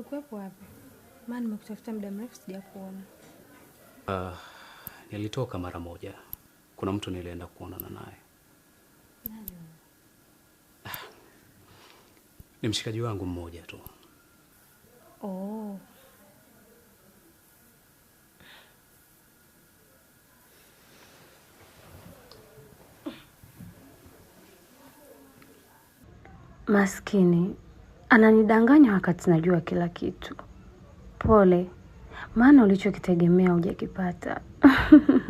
Ulikuwepo wapi? Maana nimekutafuta muda mrefu sijakuona. Uh, nilitoka mara moja, kuna mtu nilienda kuonana naye. Nani? ni mshikaji wangu mmoja tu. Oh. Maskini Ananidanganya wakati najua kila kitu. Pole, maana ulichokitegemea hujakipata.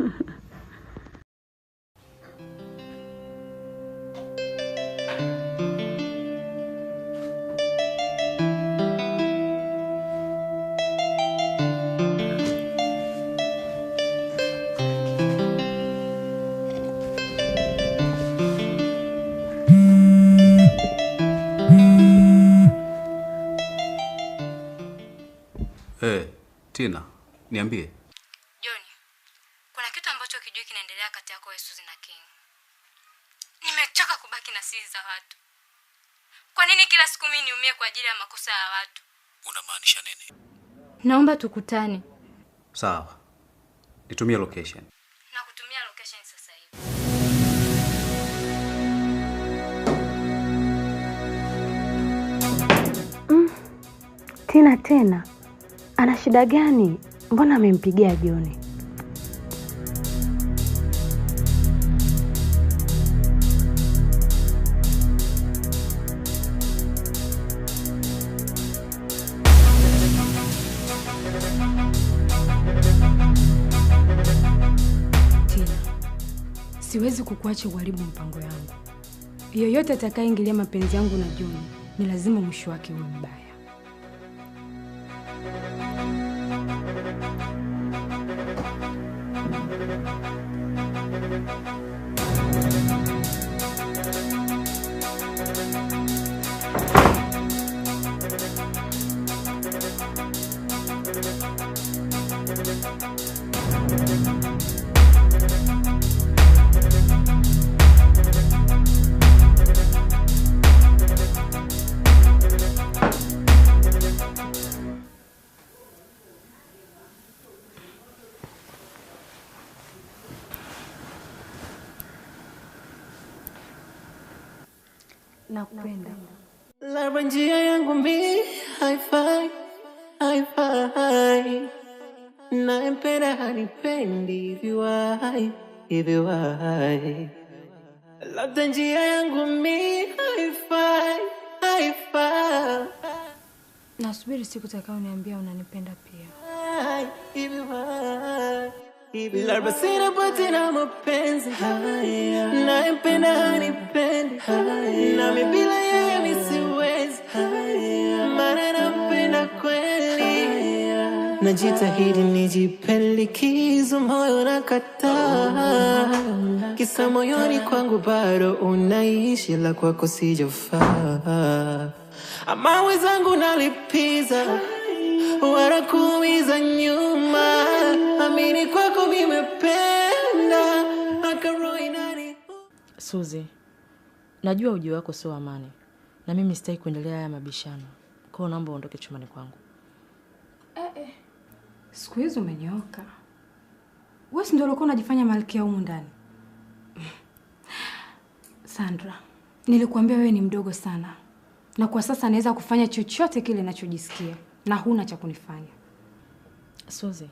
niambie. John, kuna kitu ambacho kijui kinaendelea kati yako Yesu na King. Nimechoka kubaki na siri za watu. Kwa nini kila siku mimi niumie kwa ajili ya makosa ya watu? Unamaanisha nini? Naomba tukutane. Sawa. Nitumie location. Nakutumia location sasa hivi. Mm. Tina tena ana shida gani? mbona amempigia joni siwezi kukuacha uharibu mpango yangu. Yoyote atakayeingilia mapenzi yangu na John ni lazima mwisho wake uwe mbaya. Labda njia yangu mimi haifai, haifai. Nampenda hanipendi Labda njia yangu mimi haifai, haifai. Nasubiri siku niambia unanipenda pia. Labda sina na mapenzi haya, nampenda hanipendi, nami bila yeye maana napenda kweli, najitahidi nijipe likizo, moyo nakataa, kisa moyoni kwangu bado unaishi, la kwako sijofaa. Mawe zangu nalipiza, wala kuumiza nyuma, amini kwako mimependa akaroinani Suzi, najua uji wako sio amani na mimi sitaki kuendelea haya mabishano. Kwa hiyo naomba uondoke chumbani kwangu. Eh, eh. Siku hizi umenyoka. Wewe si ndio ulikuwa unajifanya malkia humu ndani? Sandra, nilikuambia wewe ni mdogo sana, na kwa sasa naweza kufanya chochote kile nachojisikia, na huna cha kunifanya. Suzi,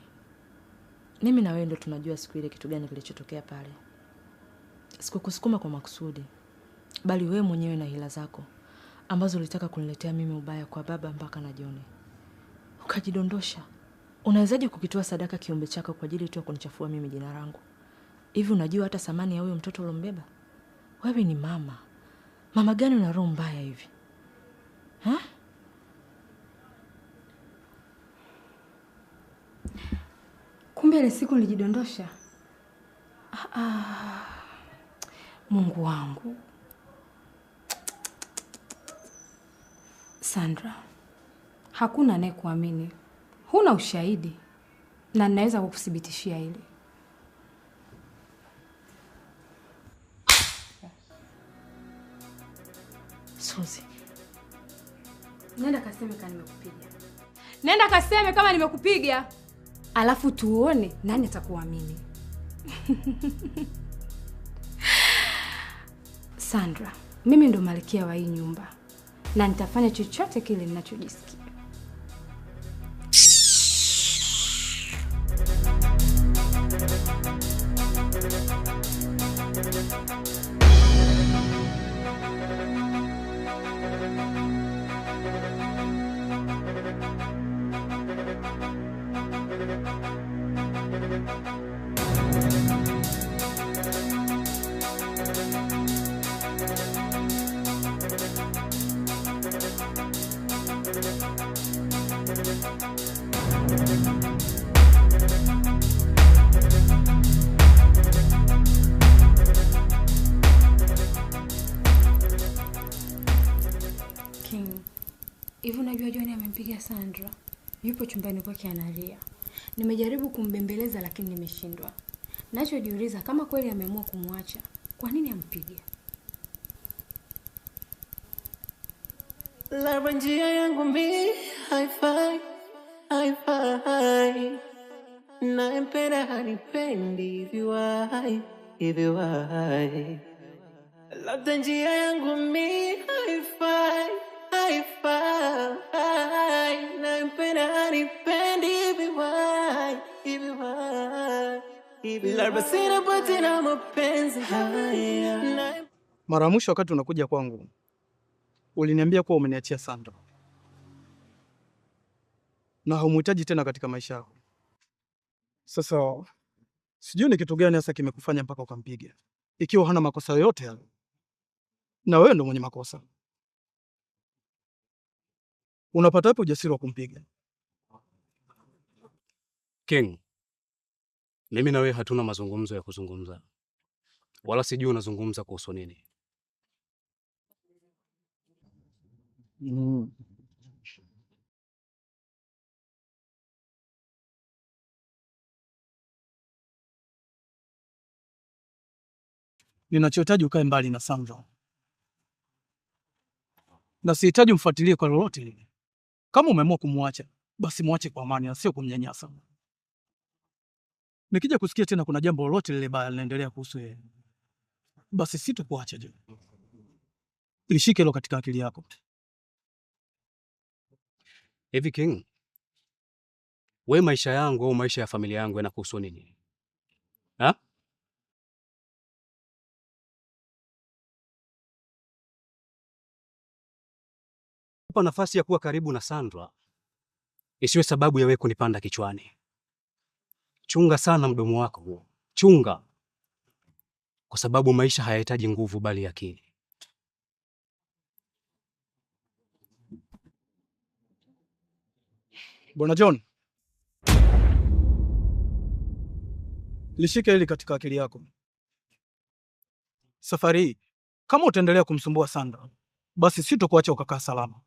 mimi na wewe ndio tunajua siku ile kitu gani kilichotokea pale. Sikukusukuma kwa makusudi, bali wewe mwenyewe na hila zako ambazo ulitaka kuniletea mimi ubaya kwa baba mpaka na Joni ukajidondosha. Unawezaje kukitoa sadaka kiumbe chako kwa ajili tu ya kunichafua mimi jina langu? Hivi unajua hata thamani ya huyo mtoto ulombeba wewe? Ni mama mama gani una roho mbaya hivi ha? Kumbe ile siku nilijidondosha. Ah, ah. Mungu wangu Sandra, hakuna anayekuamini, huna ushahidi na ninaweza kukuthibitishia hili. Suzi, nenda kaseme kama nimekupiga, nenda kaseme kama nimekupiga, alafu tuone nani atakuamini. Sandra, mimi ndo malkia wa hii nyumba na nitafanya chochote kile ninachojisikia. yupo chumbani kwake analia. Nimejaribu kumbembeleza lakini nimeshindwa. Nachojiuliza kama kweli ameamua kumwacha, kwa nini ampige? Labda njia yangu mbili haifai, haifai. Nampenda hanipendi, viwai, viwai. Labda njia yangu mbili haifai mara ya mwisho wakati unakuja kwangu uliniambia kuwa umeniachia Sandro na haumuhitaji tena katika maisha yako. Sasa sijui ni kitu gani hasa kimekufanya mpaka ukampiga, ikiwa hana makosa yoyote yale, na wewe ndo mwenye makosa. Unapata wapi ujasiri wa kumpiga King? Mimi na wewe hatuna mazungumzo ya kuzungumza, wala sijui unazungumza kuhusu nini. Mm. Ninachohitaji ukae mbali na Sandra, na sihitaji mfuatilie kwa lolote lile. Kama umeamua kumwacha basi mwache kwa amani, sio kumnyanyasa. Nikija kusikia tena kuna jambo lolote lile baya linaendelea kuhusu yeye, basi sitakuacha. Je, lishike hilo katika akili yako. Hivi King, we maisha yangu au maisha ya familia yangu yanakuhusu nini ha? Kupa nafasi ya kuwa karibu na Sandra isiwe sababu ya wewe kunipanda kichwani. Chunga sana mdomo wako huo, chunga, kwa sababu maisha hayahitaji nguvu, bali akili. Bwana John, lishike hili katika akili yako. Safari hii kama utaendelea kumsumbua Sandra, basi sitokuacha ukakaa salama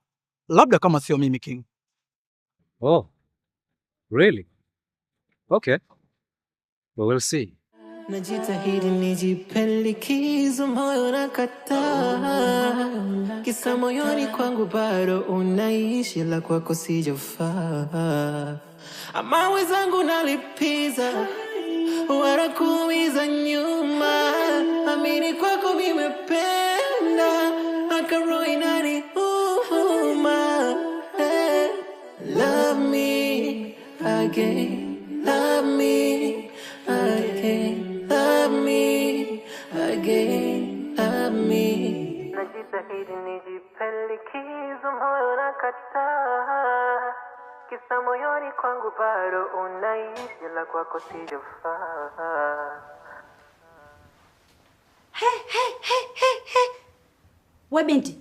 labda kama sio mimi King. Oh, really? Okay. Well, we'll see. Najitahidi nijipelekeze, moyo nakataa, kisa moyoni kwangu bado unaishi, la kwako sijafaa. Ama wenzangu nalipiza, wala nyuma, amini kwako vimependa akaroina Hey, hey, hey, hey, hey. We binti,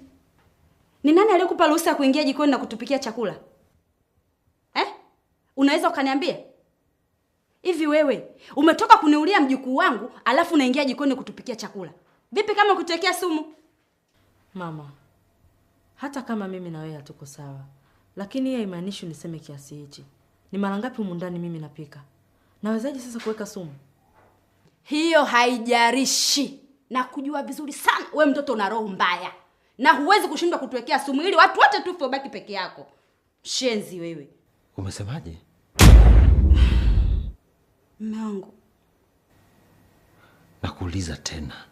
ni nani aliyekupa ruhusa ya kuingia jikoni na kutupikia chakula? Unaweza ukaniambia hivi, wewe umetoka kuniulia mjukuu wangu alafu unaingia jikoni kutupikia chakula? Vipi kama kutekea sumu? Mama, hata kama mimi na wewe hatuko sawa, lakini hiyo haimaanishi niseme kiasi hichi. Ni mara ngapi humu ndani mimi napika? Nawezaje sasa kuweka sumu? Hiyo haijarishi na kujua vizuri sana we mtoto, una roho mbaya na huwezi kushindwa kutuwekea sumu ili watu wote tufe, ubaki peke yako. Shenzi wewe, umesemaje? Mume wangu, nakuuliza tena,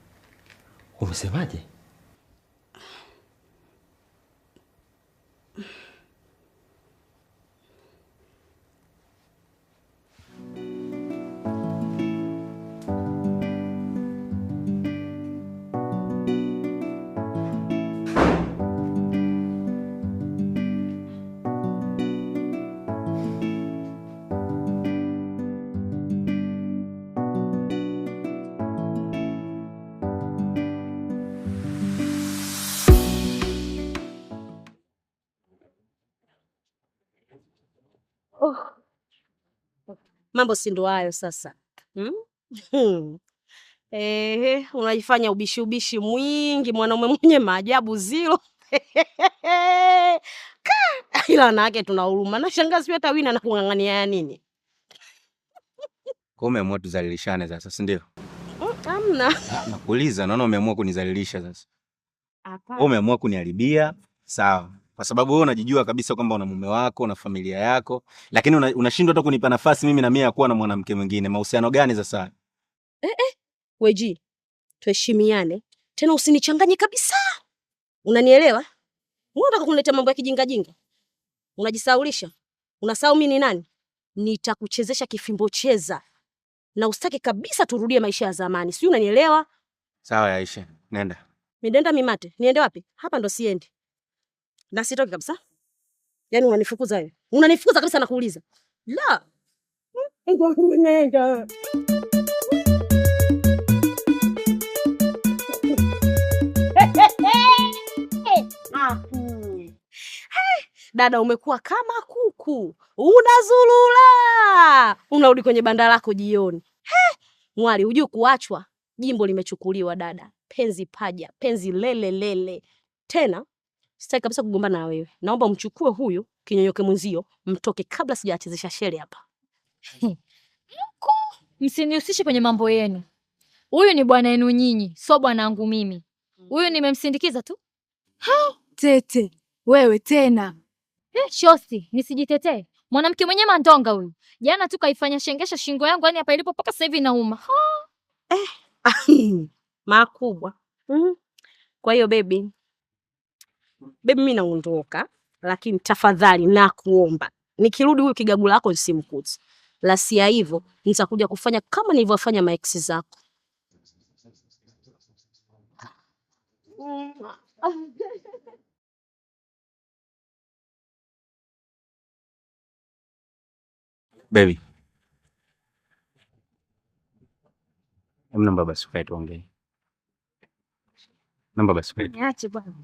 umesemaje? Mambo si ndo hayo sasa hmm? hmm. unajifanya ubishi ubishi mwingi, mwanaume mwenye maajabu zilo ila wanawake tuna huruma na shangazi pia. Hata wina nakung'ang'ania ya nini? Kwa umeamua tuzalilishane sasa, si ndio? Hmm, hamna. Ah, nakuuliza. Naona umeamua kunizalilisha sasa. Hapana, umeamua kuniharibia. Sawa, kwa sababu wewe unajijua kabisa kwamba una mume wako na familia yako, lakini unashindwa una hata kunipa nafasi mimi na mimi ya kuwa na mwanamke mwingine. Mahusiano gani sasa? Eh, eh, Weji, tuheshimiane tena, usinichanganye kabisa, unanielewa? Unataka kuleta mambo ya kijinga jinga, unajisaulisha, unasahau mimi ni nani. Nitakuchezesha kifimbo cheza, na usitaki kabisa turudie maisha ya zamani, sijui unanielewa? Sawa Aisha, nenda. Midenda mimate, niende wapi? Hapa ndo siendi na sitoki kabisa. Yaani unanifukuza wewe. Unanifukuza kabisa nakuuliza. La. Dada, umekuwa kama kuku unazulula, unarudi kwenye banda lako jioni. He, mwali hujui kuachwa, jimbo limechukuliwa dada. Penzi paja penzi lelelele lele. Tena Sitaki kabisa kugomba na wewe. Naomba umchukue huyu kinyonyoke mwenzio mtoke kabla sijaachezesha shele hapa. Mko msinihusishe kwenye mambo yenu. Huyu ni bwana yenu nyinyi, sio bwanangu mimi. Huyu nimemsindikiza tu. Ha, tete wewe tena. Eh, shosti, nisijitetee. Mwanamke mwenye mandonga huyu. Jana tu kaifanya shengesha shingo yangu yani hapa ilipo mpaka sasa hivi inauma. Eh, makubwa. Mm. Kwa hiyo baby, bebi, mimi naondoka, lakini tafadhali nakuomba, nikirudi huyu kigagu lako nisimkute, la sivyo hivyo nitakuja kufanya kama nilivyofanya maeksi zako. Bebi, namna baba, sikae tuongee. Namba basi. Niache bwana.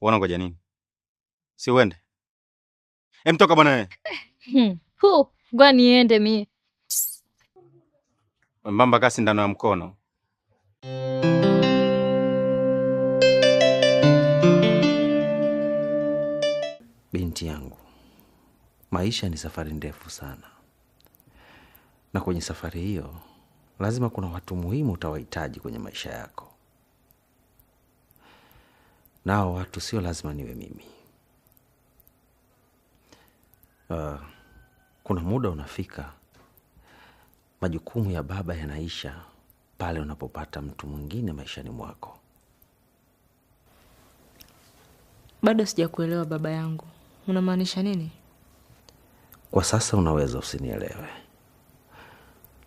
Wanangoja nini? Si uende? Emtoka bwana wewe. Hmm. Hu, ngoja niende mie. Mbamba kasi ndano ya mkono. Binti yangu, maisha ni safari ndefu sana, na kwenye safari hiyo lazima kuna watu muhimu utawahitaji kwenye maisha yako nao watu sio lazima niwe mimi. Uh, kuna muda unafika, majukumu ya baba yanaisha pale unapopata mtu mwingine maishani mwako. Bado sijakuelewa baba yangu, unamaanisha nini? Kwa sasa unaweza usinielewe,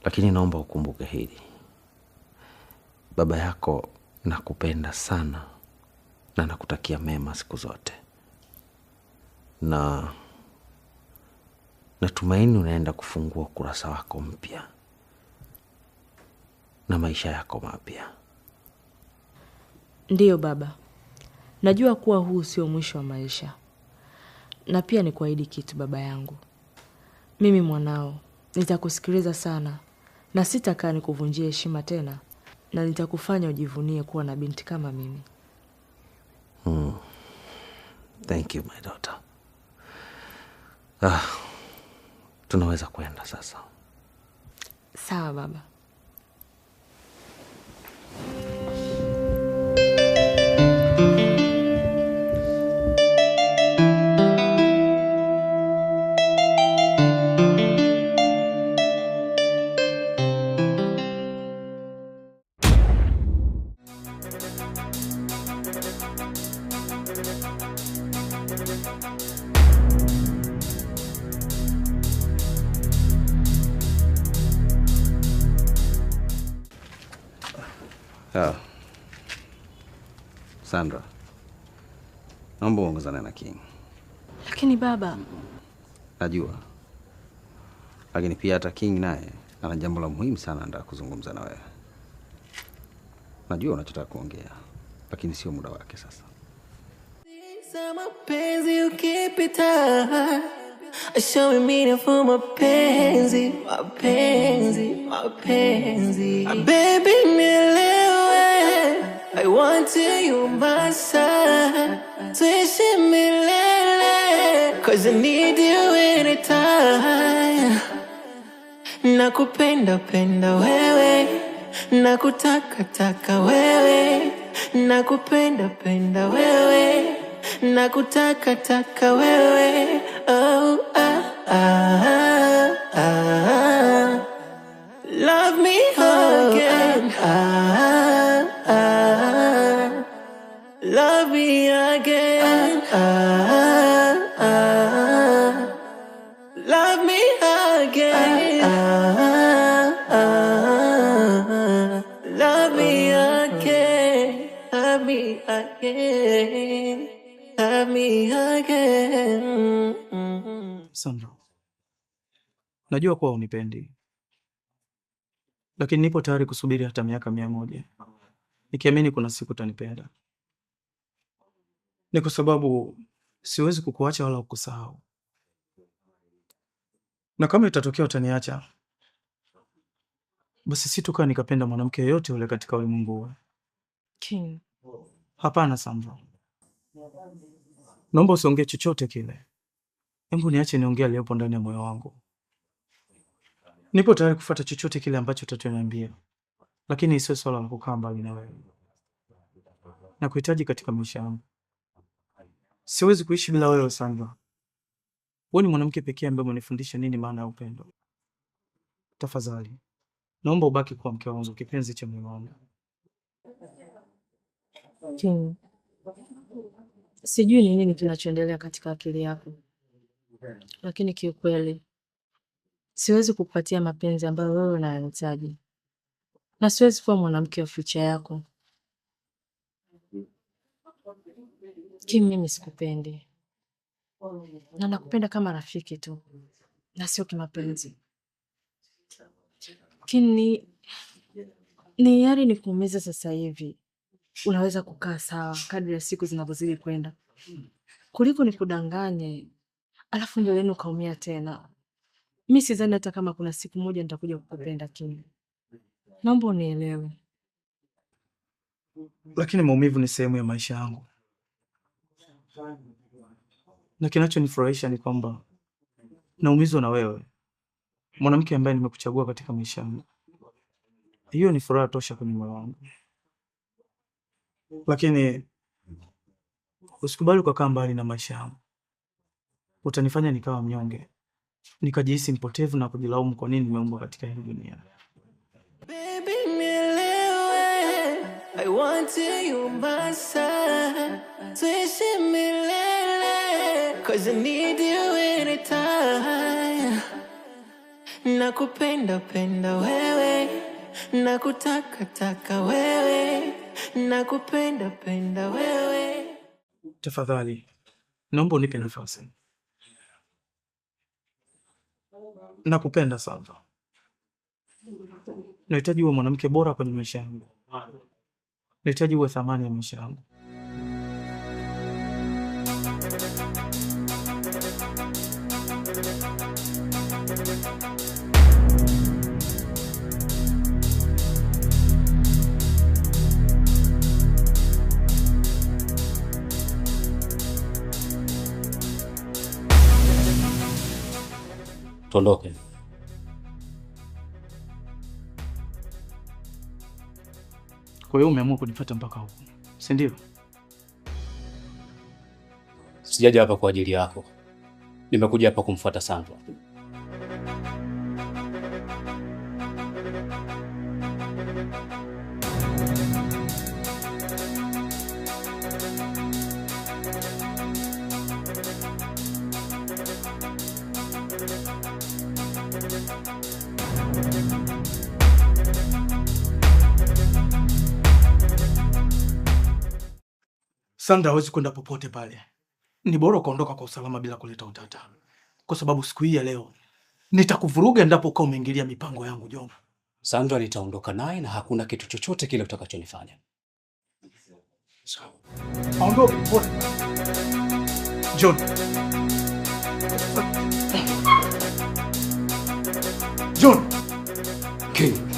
lakini naomba ukumbuke hili, baba yako nakupenda sana na nakutakia mema siku zote, na natumaini unaenda kufungua ukurasa wako mpya na maisha yako mapya. Ndiyo baba, najua kuwa huu sio mwisho wa maisha, na pia ni kuahidi kitu baba yangu. Mimi mwanao nitakusikiliza sana na sitakaa nikuvunjie heshima tena, na nitakufanya ujivunie kuwa na binti kama mimi. Hmm. Thank you my daughter. Ah, tunaweza kwenda sasa. Sawa baba. naomba uongozane na King. Lakini baba, najua, lakini pia hata King naye ana jambo la muhimu sana anataka kuzungumza na wewe. Najua unachotaka kuongea, lakini sio muda wake sasa. Mapenzi ukipita Show me for Baby, nile I want you my side me milele Cause I need you anytime Nakupenda penda wewe Nakutaka taka wewe Nakupenda penda wewe Nakutaka taka wewe Oh ah ah, ah. again, me again. Sandra, najua kuwa unipendi, lakini nipo tayari kusubiri hata miaka mia moja nikiamini kuna siku utanipenda. Ni kwa sababu siwezi kukuacha wala kukusahau, na kama itatokea utaniacha, basi situkaa nikapenda mwanamke yoyote ule katika ulimwengu huu. King. Hapana Sambo, naomba usiongee chochote kile. Hebu niache niongee aliyopo ndani ya moyo wangu. Nipo tayari kufuata chochote kile ambacho utatuniambia, lakini isiwe swala la kukaa mbali na wewe. Nakuhitaji katika maisha yangu, siwezi kuishi bila wewe Sandra. Wewe ni mwanamke pekee ambaye umenifundisha nini maana ya upendo. Tafadhali naomba ubaki kuwa mke wangu, kipenzi cha moyo wangu. Sijui ni nini kinachoendelea katika akili yako, lakini kiukweli siwezi kukupatia mapenzi ambayo wewe unayahitaji, na siwezi kuwa mwanamke wa future yako. Kim, mimi sikupendi na nakupenda kama rafiki tu na sio kimapenzi. Kim, ni ni yari ni kuumiza sasa hivi unaweza kukaa sawa kadri ya siku zinavyozidi kwenda, kuliko nikudanganye alafu ndio yenu ukaumia tena. Mi sidhani hata kama kuna siku moja nitakuja kukupenda tena, naomba unielewe. Lakini maumivu ni sehemu ya maisha yangu, na kinachonifurahisha ni kwamba naumizwa na wewe, mwanamke ambaye nimekuchagua katika maisha yangu. Hiyo ni furaha tosha kwenye moyo wangu lakini usikubali ukakaa mbali na maisha yangu. Utanifanya nikawa mnyonge, nikajihisi mpotevu na kujilaumu kwa nini nimeumbwa katika hii dunia. Baby, nielewe, I want you tuishi milele, cause I need you anytime. Nakupenda penda wewe, nakutaka taka wewe nakupenda penda wewe. Tafadhali naomba unipe nafasi, nakupenda sana, nahitaji uwe mwanamke bora kwenye maisha yangu, nahitaji uwe thamani ya maisha yangu. tuondoke. Kwa hiyo umeamua kunifuata mpaka huku, si ndio? Sijaja hapa kwa ajili yako, nimekuja hapa kumfuata Sandra. Sandra hawezi kwenda popote pale. Ni bora ukaondoka kwa usalama bila kuleta utata, kwa sababu siku hii ya leo nitakuvuruga endapo ukawa umeingilia mipango yangu. Jomo, Sandra nitaondoka naye na hakuna kitu chochote kile utakachonifanya. Sawa, popote John. John King.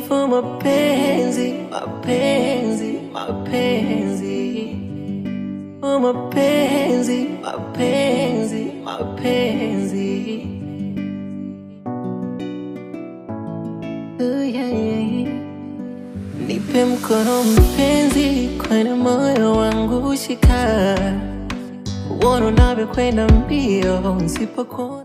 kwa mapenzi, mapenzi, mapenzi, kwa mapenzi, mapenzi, mapenzi. Uh, yeah, yeah. Nipe mkono mpenzi, kwenye moyo wangu shika, uone unavyokwenda mbio nsipokuona